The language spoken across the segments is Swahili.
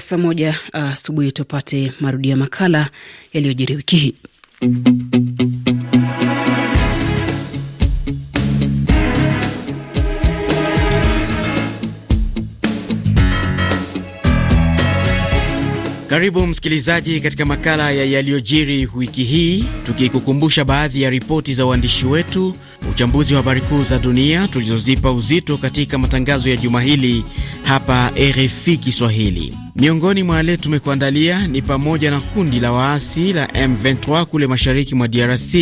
Saa moja uh, asubuhi uh, tupate marudio ya makala yaliyojiri wiki hii. Karibu msikilizaji katika makala ya yaliyojiri wiki hii, tukikukumbusha baadhi ya ripoti za uandishi wetu, uchambuzi wa habari kuu za dunia tulizozipa uzito katika matangazo ya juma hili hapa RFI Kiswahili. Miongoni mwa yale tumekuandalia ni pamoja na kundi la waasi la M23 kule mashariki mwa DRC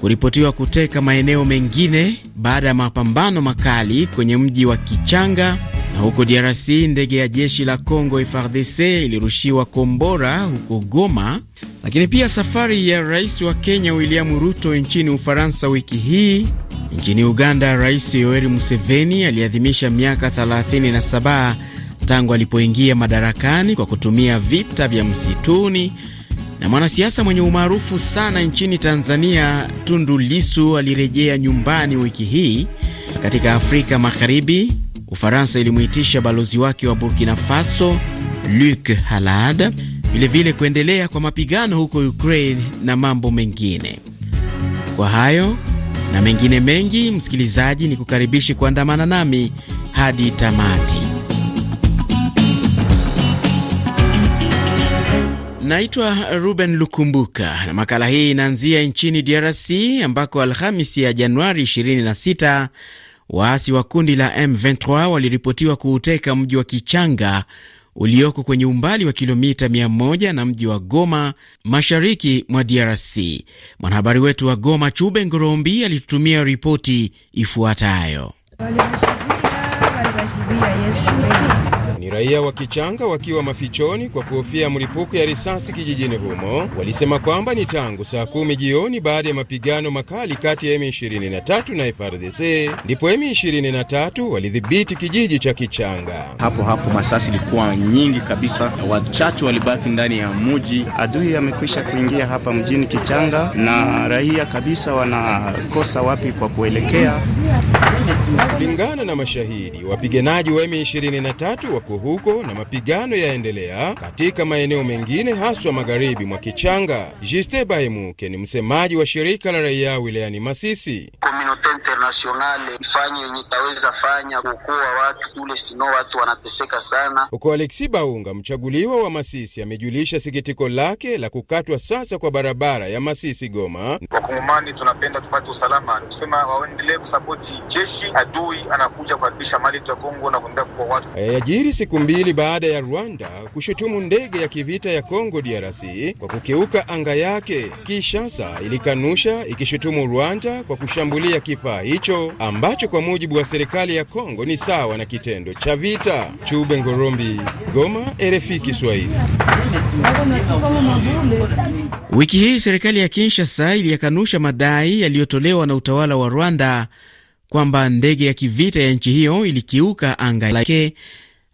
kuripotiwa kuteka maeneo mengine baada ya mapambano makali kwenye mji wa Kichanga na huko DRC ndege ya jeshi la Congo FRDC ilirushiwa kombora huko Goma, lakini pia safari ya rais wa Kenya William Ruto nchini Ufaransa wiki hii. Nchini Uganda, Rais Yoweri Museveni aliadhimisha miaka 37 tangu alipoingia madarakani kwa kutumia vita vya msituni na mwanasiasa mwenye umaarufu sana nchini Tanzania Tundu Lisu alirejea nyumbani wiki hii. Katika Afrika Magharibi, Ufaransa ilimwitisha balozi wake wa Burkina Faso Luc Halad, vilevile kuendelea kwa mapigano huko Ukraine na mambo mengine. Kwa hayo na mengine mengi, msikilizaji, ni kukaribishi kuandamana nami hadi tamati. Naitwa Ruben Lukumbuka na makala hii inaanzia nchini DRC ambako Alhamisi ya Januari 26 Waasi wa kundi la M23 waliripotiwa kuuteka mji wa Kichanga ulioko kwenye umbali wa kilomita 100 na mji wa Goma, mashariki mwa DRC. Mwanahabari wetu wa Goma, Chube Ngorombi, alitutumia ripoti ifuatayo ni raia wa Kichanga wakiwa mafichoni kwa kuhofia mlipuko ya risasi kijijini humo, walisema kwamba ni tangu saa kumi jioni baada ya mapigano makali kati ya M23 na frdc ndipo M23 walidhibiti kijiji cha Kichanga. Hapo hapo masasi ilikuwa nyingi kabisa, wachache walibaki ndani ya muji. Adui amekwisha kuingia hapa mjini Kichanga na raia kabisa wanakosa wapi kwa kuelekea. Kulingana na mashahidi, wapiganaji wa M23 wa huko na mapigano yaendelea katika maeneo mengine haswa magharibi mwa Kichanga. Juste Baimuke ni msemaji wa shirika la raia wilayani Masisi. Komunote internationale ifanye yenye itaweza fanya kuokoa watu kule, sino watu wanateseka sana huko. Alexi Baunga, mchaguliwa wa Masisi, amejulisha sikitiko lake la kukatwa sasa kwa barabara ya Masisi Goma. Wakongomani tunapenda tupate usalama, kusema waendelee kusapoti jeshi, adui anakuja kuharibisha mali yetu ya Kongo na kuendelea kuua watu. Eh, yajiri siku mbili baada ya Rwanda kushutumu ndege ya kivita ya Kongo DRC kwa kukeuka anga yake. Kinshasa ilikanusha ikishutumu Rwanda kwa kushambulia kipa kifaa hicho ambacho kwa mujibu wa serikali ya Kongo ni sawa na kitendo cha vita. Chube Ngorombi, Goma, RFI Kiswahili. Wiki hii serikali ya Kinshasa iliyakanusha madai yaliyotolewa na utawala wa Rwanda kwamba ndege ya kivita ya nchi hiyo ilikiuka anga lake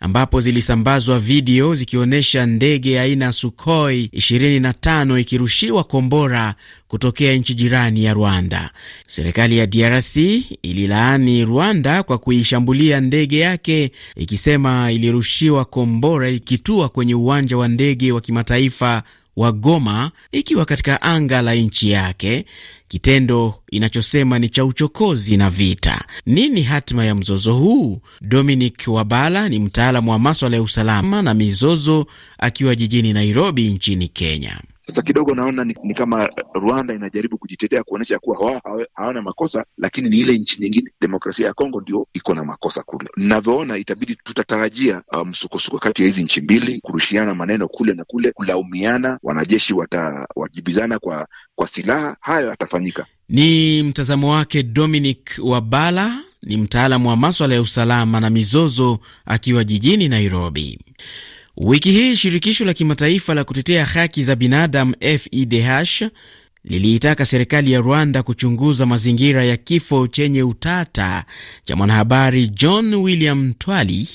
ambapo zilisambazwa video zikionyesha ndege aina ya Sukhoi 25 ikirushiwa kombora kutokea nchi jirani ya Rwanda. Serikali ya DRC ililaani Rwanda kwa kuishambulia ndege yake ikisema ilirushiwa kombora ikitua kwenye uwanja wa ndege wa kimataifa wa Goma ikiwa katika anga la nchi yake, kitendo inachosema ni cha uchokozi na vita. Nini hatima ya mzozo huu? Dominic Wabala ni mtaalamu wa maswala ya usalama na mizozo, akiwa jijini Nairobi nchini Kenya. Sasa kidogo naona ni, ni kama Rwanda inajaribu kujitetea kuonyesha kuwa hawana hawa, makosa, lakini ni ile nchi nyingine demokrasia ya Kongo ndio iko na makosa kule. Navyoona itabidi tutatarajia uh, msukosuko um, kati ya hizi nchi mbili, kurushiana maneno kule na kule, kulaumiana, wanajeshi watawajibizana kwa, kwa silaha. Hayo yatafanyika. Ni mtazamo wake Dominic Wabala, ni mtaalamu wa maswala ya usalama na mizozo, akiwa jijini Nairobi. Wiki hii shirikisho la kimataifa la kutetea haki za binadamu FIDH liliitaka serikali ya Rwanda kuchunguza mazingira ya kifo chenye utata cha mwanahabari John William Twali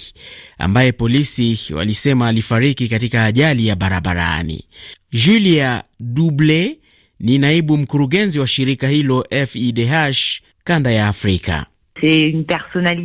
ambaye polisi walisema alifariki katika ajali ya barabarani. Julia Duble ni naibu mkurugenzi wa shirika hilo FIDH kanda ya Afrika.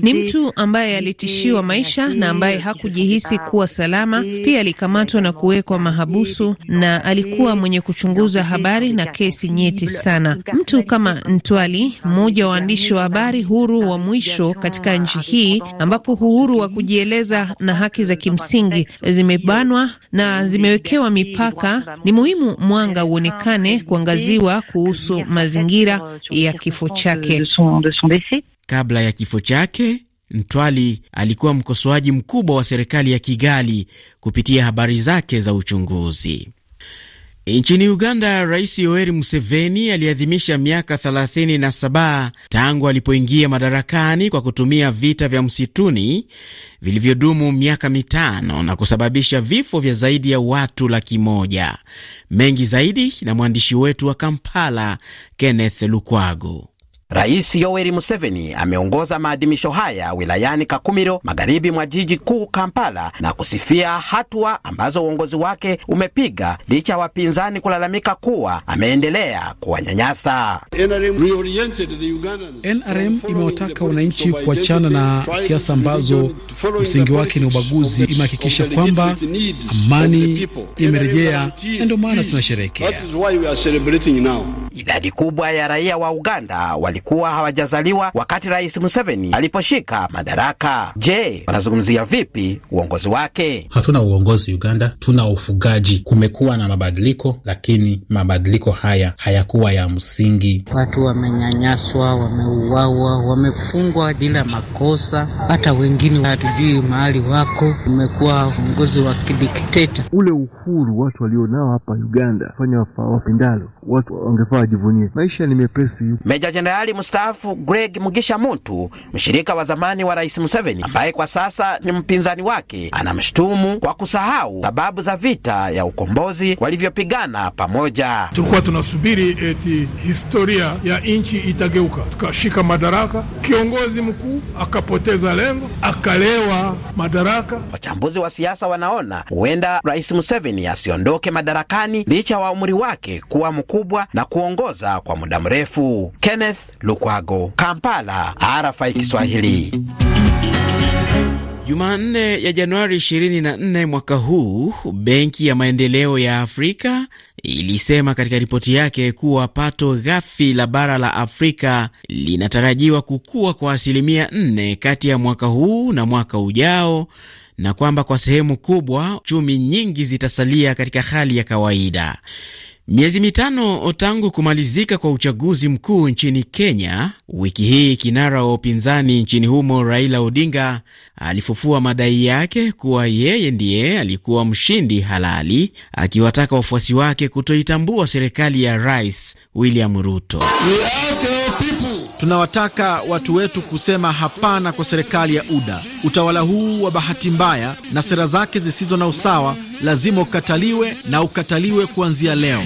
Ni mtu ambaye alitishiwa maisha na ambaye hakujihisi kuwa salama. Pia alikamatwa na kuwekwa mahabusu, na alikuwa mwenye kuchunguza habari na kesi nyeti sana. Mtu kama Ntwali, mmoja wa waandishi wa habari huru wa mwisho katika nchi hii, ambapo uhuru wa kujieleza na haki za kimsingi zimebanwa na zimewekewa mipaka, ni muhimu mwanga uonekane kuangaziwa kuhusu mazingira ya kifo chake. Kabla ya kifo chake, Ntwali alikuwa mkosoaji mkubwa wa serikali ya Kigali kupitia habari zake za uchunguzi. Nchini Uganda, Rais Yoweri Museveni aliadhimisha miaka 37 tangu alipoingia madarakani kwa kutumia vita vya msituni vilivyodumu miaka mitano na kusababisha vifo vya zaidi ya watu laki moja. Mengi zaidi na mwandishi wetu wa Kampala, Kenneth Lukwago. Rais Yoweri Museveni ameongoza maadhimisho haya wilayani Kakumiro, magharibi mwa jiji kuu Kampala, na kusifia hatua ambazo uongozi wake umepiga licha ya wapinzani kulalamika kuwa ameendelea kuwanyanyasa. NRM imewataka wananchi kuachana na siasa ambazo msingi wake ni ubaguzi. Imehakikisha kwamba amani imerejea, na ndio maana tunasherehekea. Idadi kubwa ya raia wa Uganda wali walikuwa hawajazaliwa wakati Rais Museveni aliposhika madaraka. Je, wanazungumzia vipi uongozi wake? Hatuna uongozi Uganda, tuna ufugaji. Kumekuwa na mabadiliko, lakini mabadiliko haya hayakuwa ya msingi. Watu wamenyanyaswa, wameuawa, wamefungwa bila makosa, hata wengine hatujui mahali wako. Umekuwa uongozi wa kidikteta. Ule uhuru watu walionao hapa Uganda fanya wapendalo, watu wangefaa wajivunie. Maisha ni mepesi. Meja Jenerali Jenerali mstaafu Greg Mugisha Muntu, mshirika wa zamani wa Rais Museveni ambaye kwa sasa ni mpinzani wake, anamshutumu kwa kusahau sababu za vita ya ukombozi walivyopigana pamoja. Tulikuwa tunasubiri eti historia ya nchi itageuka, tukashika madaraka, kiongozi mkuu akapoteza lengo, akalewa madaraka. Wachambuzi wa siasa wanaona huenda Rais Museveni asiondoke madarakani licha wa umri wake kuwa mkubwa na kuongoza kwa muda mrefu. Kenneth Lukwago, Kampala. RFI Kiswahili. Jumanne ya Januari 24 mwaka huu, Benki ya Maendeleo ya Afrika ilisema katika ripoti yake kuwa pato ghafi la bara la Afrika linatarajiwa kukua kwa asilimia 4 kati ya mwaka huu na mwaka ujao na kwamba kwa sehemu kubwa chumi nyingi zitasalia katika hali ya kawaida. Miezi mitano tangu kumalizika kwa uchaguzi mkuu nchini Kenya, wiki hii kinara wa upinzani nchini humo Raila Odinga alifufua madai yake kuwa yeye ndiye alikuwa mshindi halali, akiwataka wafuasi wake kutoitambua serikali ya Rais William Ruto. We ask people Tunawataka watu wetu kusema hapana kwa serikali ya UDA. Utawala huu wa bahati mbaya na sera zake zisizo na usawa lazima ukataliwe na ukataliwe kuanzia leo.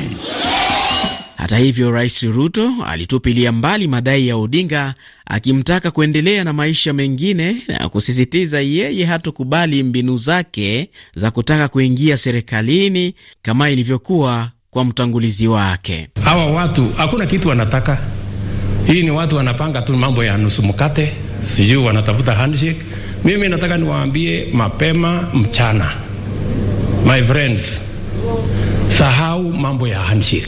Hata hivyo, Rais Ruto alitupilia mbali madai ya Odinga akimtaka kuendelea na maisha mengine na kusisitiza yeye hatukubali mbinu zake za kutaka kuingia serikalini kama ilivyokuwa kwa mtangulizi wake. Hawa watu hakuna kitu wanataka hii ni watu wanapanga tu mambo ya nusu mkate, sijui wanatafuta handshake. Mimi nataka niwaambie mapema mchana, my friends, sahau mambo ya handshake.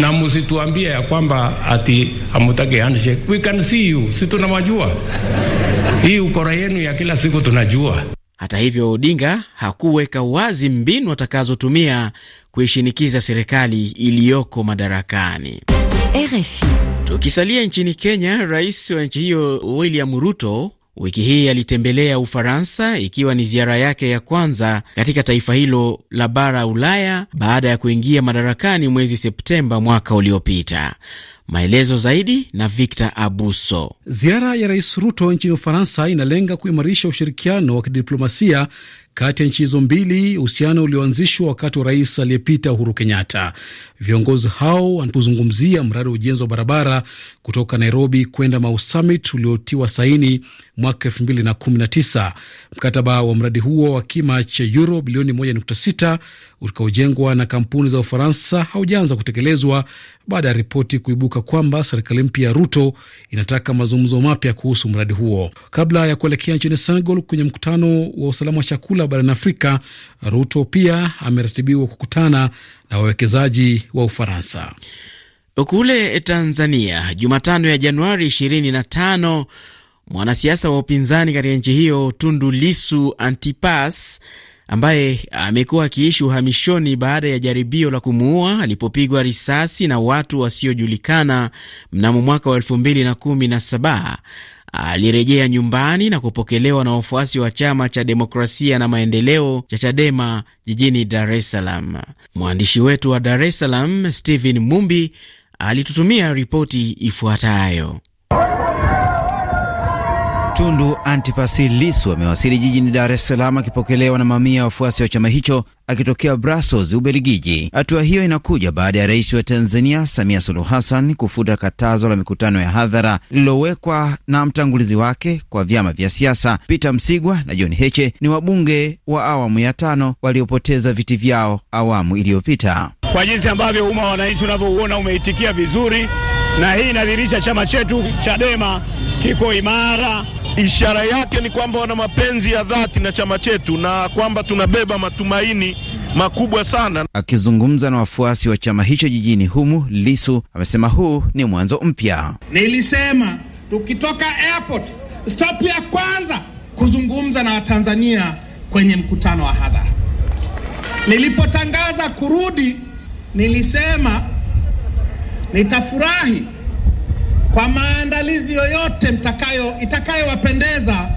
na msituambie ya kwamba ati amutake handshake. We can see you, si tunawajua hii ukora yenu ya kila siku tunajua. Hata hivyo, Odinga hakuweka wazi mbinu atakazotumia kuishinikiza serikali iliyoko madarakani. RFI. Tukisalia nchini Kenya, rais wa nchi hiyo William Ruto wiki hii alitembelea Ufaransa ikiwa ni ziara yake ya kwanza katika taifa hilo la bara Ulaya baada ya kuingia madarakani mwezi Septemba mwaka uliopita. Maelezo zaidi na Victor Abuso. Ziara ya Rais Ruto nchini Ufaransa inalenga kuimarisha ushirikiano wa kidiplomasia kati ya nchi hizo mbili, uhusiano ulioanzishwa wakati wa rais aliyepita Uhuru Kenyatta. Viongozi hao wanapozungumzia mradi wa ujenzi wa barabara kutoka Nairobi kwenda Mau Summit uliotiwa saini mwaka 219 Mkataba wa mradi huo wa kima cha euro bilioni 1.6 utakaojengwa na kampuni za Ufaransa haujaanza kutekelezwa baada ya ripoti kuibuka kwamba serikali mpya ya Ruto inataka mazungumzo mapya kuhusu mradi huo kabla ya kuelekea nchini Senegal kwenye mkutano wa usalama wa chakula chakula barani Afrika, Ruto pia ameratibiwa kukutana na wawekezaji wa Ufaransa. Kule Tanzania, Jumatano ya Januari 25 mwanasiasa wa upinzani katika nchi hiyo Tundu Lisu Antipas ambaye amekuwa akiishi uhamishoni baada ya jaribio la kumuua alipopigwa risasi na watu wasiojulikana mnamo mwaka wa 217 alirejea nyumbani na kupokelewa na wafuasi wa chama cha demokrasia na maendeleo cha Chadema jijini Dar es Salaam. Mwandishi wetu wa Dar es Salaam Stephen Mumbi alitutumia ripoti ifuatayo. Tundu Antipasi Lisu amewasili jijini Dar es Salaam akipokelewa na mamia ya wafuasi wa chama hicho akitokea Brussels, Ubelgiji. Hatua hiyo inakuja baada ya rais wa Tanzania Samia Suluhu Hassan kufuta katazo la mikutano ya hadhara lililowekwa na mtangulizi wake kwa vyama vya siasa. Peter Msigwa na John Heche ni wabunge wa awamu ya tano waliopoteza viti vyao awamu iliyopita. Kwa jinsi ambavyo umma wananchi unavyouona umeitikia vizuri, na hii inadhihirisha chama chetu Chadema kiko imara. Ishara yake ni kwamba wana mapenzi ya dhati na chama chetu na kwamba tunabeba matumaini makubwa sana. Akizungumza na wafuasi wa chama hicho jijini humu, Lisu amesema huu ni mwanzo mpya. Nilisema tukitoka airport, stop ya kwanza kuzungumza na Watanzania kwenye mkutano wa hadhara. Nilipotangaza kurudi, nilisema nitafurahi kwa maandalizi yoyote mtakayo itakayowapendeza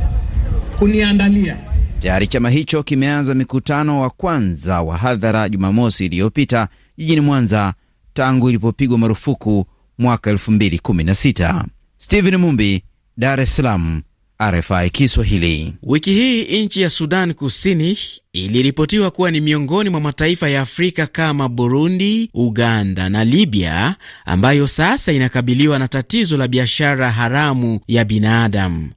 kuniandalia. Tayari chama hicho kimeanza mikutano wa kwanza wa hadhara Jumamosi iliyopita jijini Mwanza tangu ilipopigwa marufuku mwaka 2016. Steven Mumbi, Dar es Salaam. RFI Kiswahili. Wiki hii nchi ya Sudan Kusini iliripotiwa kuwa ni miongoni mwa mataifa ya Afrika kama Burundi, Uganda na Libya ambayo sasa inakabiliwa na tatizo la biashara haramu ya binadamu.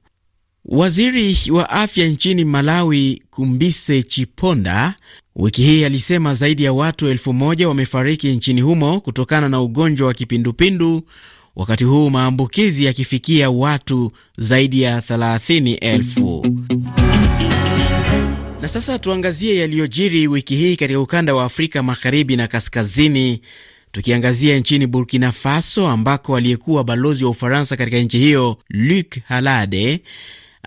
Waziri wa afya nchini Malawi, Kumbise Chiponda, wiki hii alisema zaidi ya watu elfu moja wamefariki nchini humo kutokana na ugonjwa wa kipindupindu wakati huu maambukizi yakifikia watu zaidi ya 30,000. Na sasa tuangazie yaliyojiri wiki hii katika ukanda wa Afrika magharibi na kaskazini, tukiangazia nchini Burkina Faso ambako aliyekuwa balozi wa Ufaransa katika nchi hiyo Luc Halade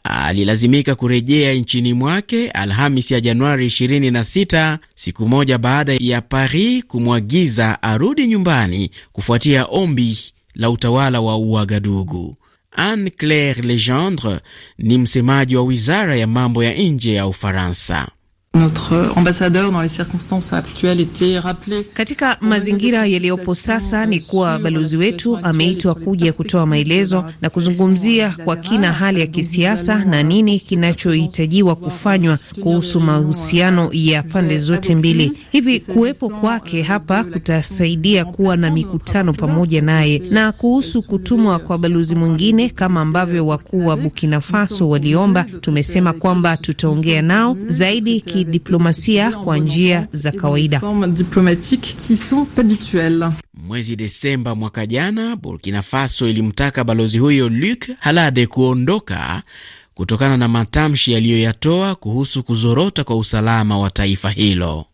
alilazimika kurejea nchini mwake Alhamis ya Januari 26, siku moja baada ya Paris kumwagiza arudi nyumbani kufuatia ombi la utawala wa Uagadugu. Anne Claire Legendre ni msemaji wa wizara ya mambo ya nje ya Ufaransa. Notre ambassadeur dans les circonstances actuelles était rappelé. Katika mazingira yaliyopo sasa ni kuwa balozi wetu ameitwa kuja kutoa maelezo na kuzungumzia kwa kina hali ya kisiasa na nini kinachohitajiwa kufanywa kuhusu mahusiano ya pande zote mbili. Hivi kuwepo kwake euh, hapa kutasaidia kuwa na mikutano pamoja naye. Na kuhusu kutumwa kwa balozi mwingine kama ambavyo wakuu wa Burkina Faso waliomba, tumesema kwamba tutaongea nao zaidi ki diplomasia kwa njia za kawaida. Mwezi Desemba mwaka jana, Burkina Faso ilimtaka balozi huyo Luc Halade kuondoka kutokana na matamshi yaliyoyatoa kuhusu kuzorota kwa usalama wa taifa hilo.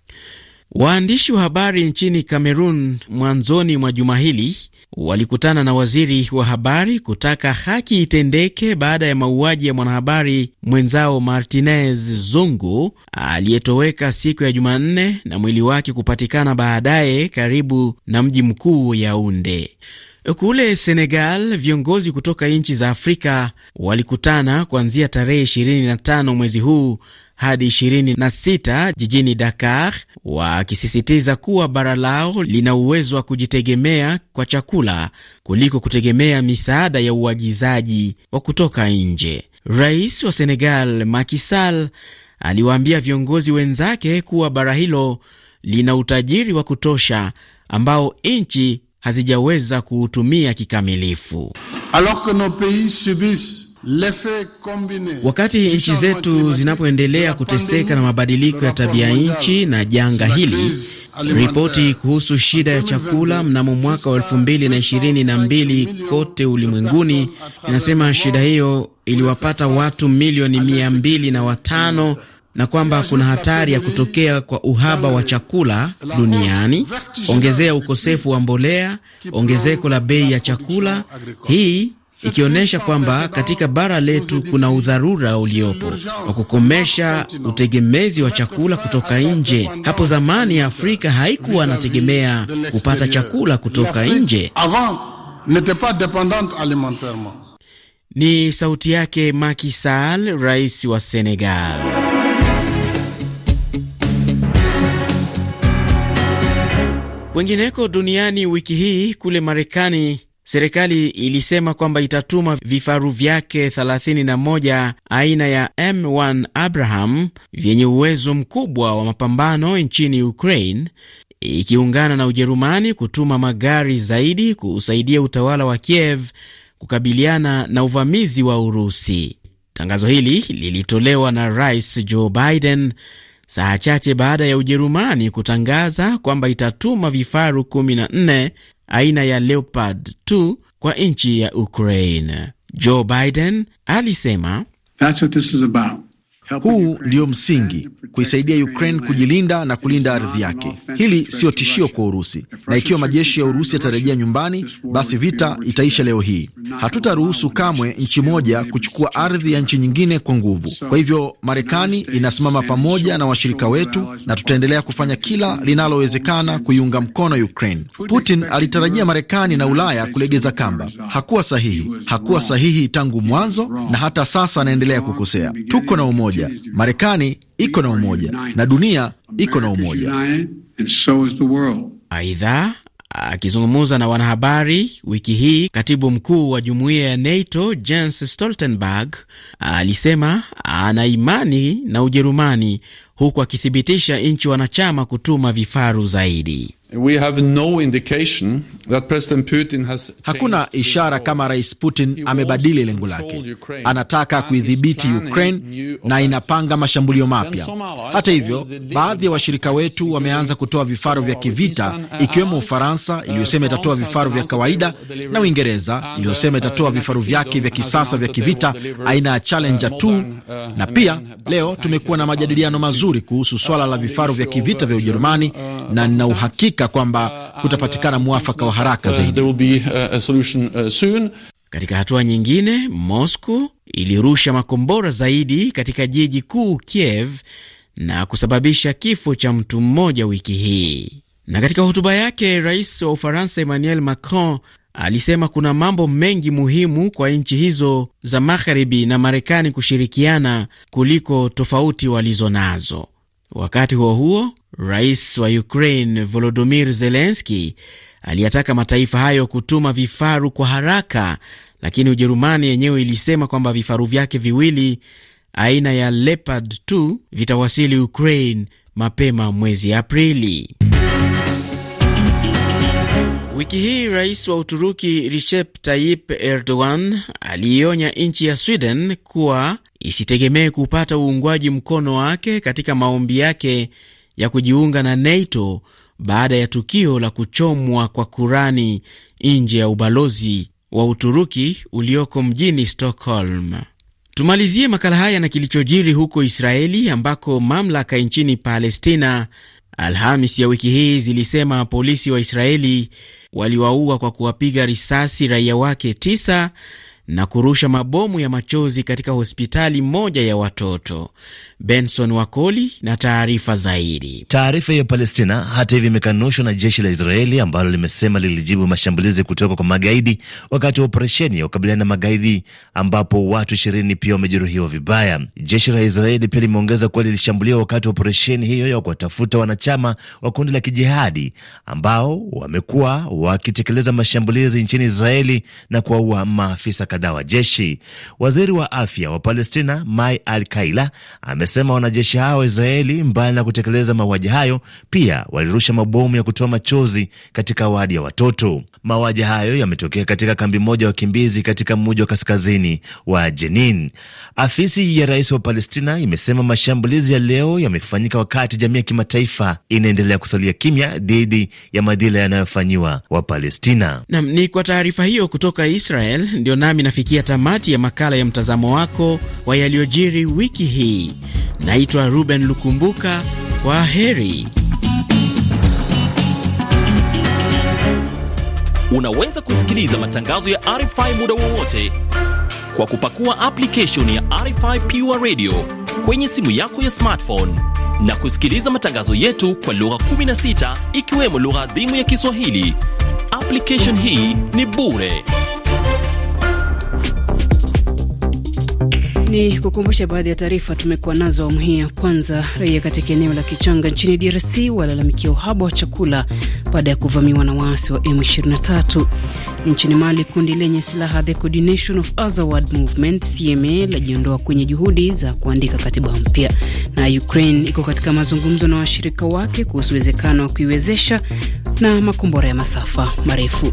Waandishi wa habari nchini Kamerun mwanzoni mwa juma hili walikutana na waziri wa habari kutaka haki itendeke baada ya mauaji ya mwanahabari mwenzao Martinez Zungu aliyetoweka siku ya Jumanne na mwili wake kupatikana baadaye karibu na mji mkuu Yaunde. Kule Senegal, viongozi kutoka nchi za Afrika walikutana kuanzia tarehe 25 mwezi huu hadi 26 jijini Dakar, wakisisitiza kuwa bara lao lina uwezo wa kujitegemea kwa chakula kuliko kutegemea misaada ya uagizaji wa kutoka nje. Rais wa Senegal Macky Sall aliwaambia viongozi wenzake kuwa bara hilo lina utajiri wa kutosha ambao nchi hazijaweza kuutumia kikamilifu. Wakati nchi zetu zinapoendelea kuteseka na mabadiliko ya tabia nchi na janga hili, ripoti kuhusu shida ya chakula mnamo mwaka wa 2022 kote ulimwenguni inasema shida hiyo iliwapata watu milioni 25 na na kwamba kuna hatari ya kutokea kwa uhaba wa chakula duniani, ongezea ukosefu wa mbolea, ongezeko la bei ya chakula, hii ikionyesha kwamba katika bara letu kuna udharura uliopo wa kukomesha utegemezi wa chakula kutoka nje. Hapo zamani Afrika haikuwa anategemea kupata chakula kutoka nje. Ni sauti yake Macky Sall, rais wa Senegal. Kwengineko duniani wiki hii, kule Marekani, serikali ilisema kwamba itatuma vifaru vyake 31 aina ya M1 Abraham vyenye uwezo mkubwa wa mapambano nchini Ukraine, ikiungana na Ujerumani kutuma magari zaidi kuusaidia utawala wa Kiev kukabiliana na uvamizi wa Urusi. Tangazo hili lilitolewa na Rais Joe Biden saa chache baada ya Ujerumani kutangaza kwamba itatuma vifaru 14 aina ya Leopard 2 kwa nchi ya Ukraine. Joe Biden alisema That's what this is about. Huu ndio msingi, kuisaidia Ukraine kujilinda na kulinda ardhi yake. Hili siyo tishio kwa Urusi, na ikiwa majeshi ya Urusi yatarejea nyumbani, basi vita itaisha leo hii. Hatutaruhusu kamwe nchi moja kuchukua ardhi ya nchi nyingine kwa nguvu. Kwa hivyo, Marekani inasimama pamoja na washirika wetu na tutaendelea kufanya kila linalowezekana kuiunga mkono Ukraine. Putin alitarajia Marekani na Ulaya kulegeza kamba. Hakuwa sahihi, hakuwa sahihi tangu mwanzo, na hata sasa anaendelea kukosea. Tuko na umoja umoja, Marekani iko na umoja na dunia iko na umoja. Aidha, akizungumza na wanahabari wiki hii, katibu mkuu wa jumuiya ya NATO Jens Stoltenberg alisema ana imani na Ujerumani, huku akithibitisha nchi wanachama kutuma vifaru zaidi. We have no indication that President Putin has. Hakuna ishara kama Rais Putin amebadili lengo lake. Anataka kuidhibiti Ukraine na inapanga mashambulio mapya. Hata hivyo, baadhi ya wa washirika wetu wameanza kutoa vifaru vya kivita, ikiwemo Ufaransa uh, iliyosema itatoa vifaru vya kawaida na Uingereza uh, iliyosema itatoa vifaru vyake vya kisasa vya kivita aina ya uh, Challenger 2 na pia leo tumekuwa na majadiliano mazuri kuhusu swala la vifaru vya kivita vya Ujerumani na nina uhakika uhakika kwamba uh, kutapatikana uh, mwafaka wa uh, haraka zaidi. Katika hatua nyingine, Moscow ilirusha makombora zaidi katika jiji kuu Kiev na kusababisha kifo cha mtu mmoja wiki hii. Na katika hotuba yake, rais wa Ufaransa Emmanuel Macron alisema kuna mambo mengi muhimu kwa nchi hizo za magharibi na Marekani kushirikiana kuliko tofauti walizo nazo. Wakati huo huo, Rais wa Ukraine Volodymyr Zelensky aliyataka mataifa hayo kutuma vifaru kwa haraka, lakini Ujerumani yenyewe ilisema kwamba vifaru vyake viwili aina ya Leopard 2 vitawasili Ukraine mapema mwezi Aprili. Wiki hii rais wa Uturuki Recep Tayyip Erdogan aliionya nchi ya Sweden kuwa isitegemee kupata uungwaji mkono wake katika maombi yake ya kujiunga na NATO baada ya tukio la kuchomwa kwa Kurani nje ya ubalozi wa Uturuki ulioko mjini Stockholm. Tumalizie makala haya na kilichojiri huko Israeli ambako mamlaka nchini Palestina Alhamis ya wiki hii zilisema polisi wa Israeli waliwaua kwa kuwapiga risasi raia wake tisa na kurusha mabomu ya machozi katika hospitali moja ya watoto. Benson Wakoli na taarifa zaidi. Taarifa ya Palestina hata hivyo imekanushwa na jeshi la Israeli ambalo limesema lilijibu mashambulizi kutoka kwa magaidi wakati wa operesheni ya kukabiliana na magaidi ambapo watu ishirini pia wamejeruhiwa vibaya. Jeshi la Israeli pia limeongeza kuwa lilishambuliwa wakati wa operesheni hiyo ya kuwatafuta wanachama wa kundi la kijihadi ambao wamekuwa wakitekeleza mashambulizi nchini Israeli na kuwaua maafisa kadhaa wa jeshi. Waziri wa afya wa Palestina Mai Al Kaila amesema wanajeshi hao wa Israeli, mbali na kutekeleza mauaji hayo, pia walirusha mabomu ya kutoa machozi katika wadi ya watoto. Mauaji hayo yametokea katika kambi moja ya wakimbizi katika mji wa kaskazini wa Jenin. Afisi ya rais wa Palestina imesema mashambulizi ya leo yamefanyika wakati jamii ya kimataifa inaendelea kusalia kimya dhidi ya madhila yanayofanyiwa Wapalestina. Nam ni kwa taarifa hiyo kutoka Israel ndio nami inafikia tamati ya makala ya mtazamo wako wa yaliyojiri wiki hii. Naitwa Ruben Lukumbuka, kwa heri. Unaweza kusikiliza matangazo ya RFI muda wowote kwa kupakua application ya RFI Pure Radio kwenye simu yako ya smartphone na kusikiliza matangazo yetu kwa lugha 16 ikiwemo lugha adhimu ya Kiswahili. Application hii ni bure. Ni kukumbusha baadhi ya taarifa tumekuwa nazo awamu hii ya kwanza. Raia katika eneo la Kichanga nchini DRC walalamikia uhaba wa chakula baada ya kuvamiwa na waasi wa M23. Nchini Mali, kundi lenye silaha The Coordination of Azawad Movement CMA lajiondoa kwenye juhudi za kuandika katiba mpya, na Ukraine iko katika mazungumzo na washirika wake kuhusu uwezekano wa kuiwezesha na makombora ya masafa marefu.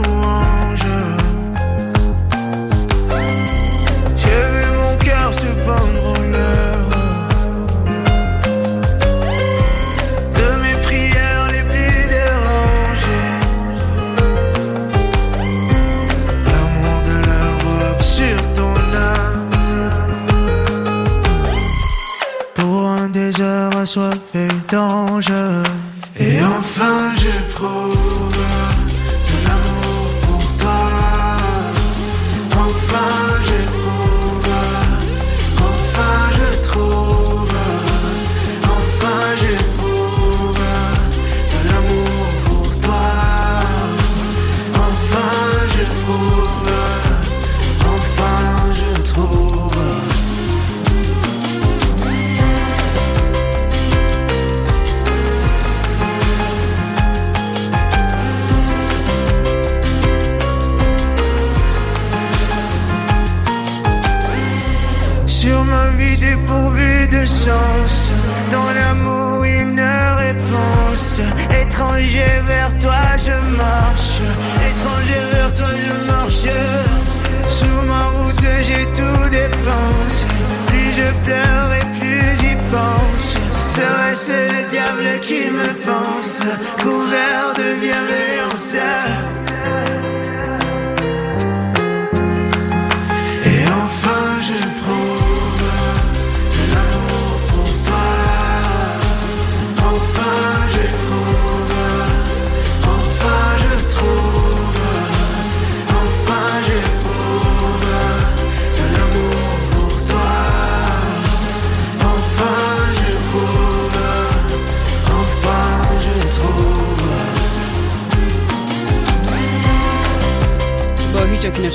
qui me pense, couvert de bienveillance.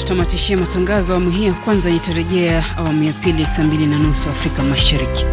tutamatishia matangazo awamu hii ya kwanza. Nitarejea awamu ya pili saa mbili na nusu Afrika Mashariki.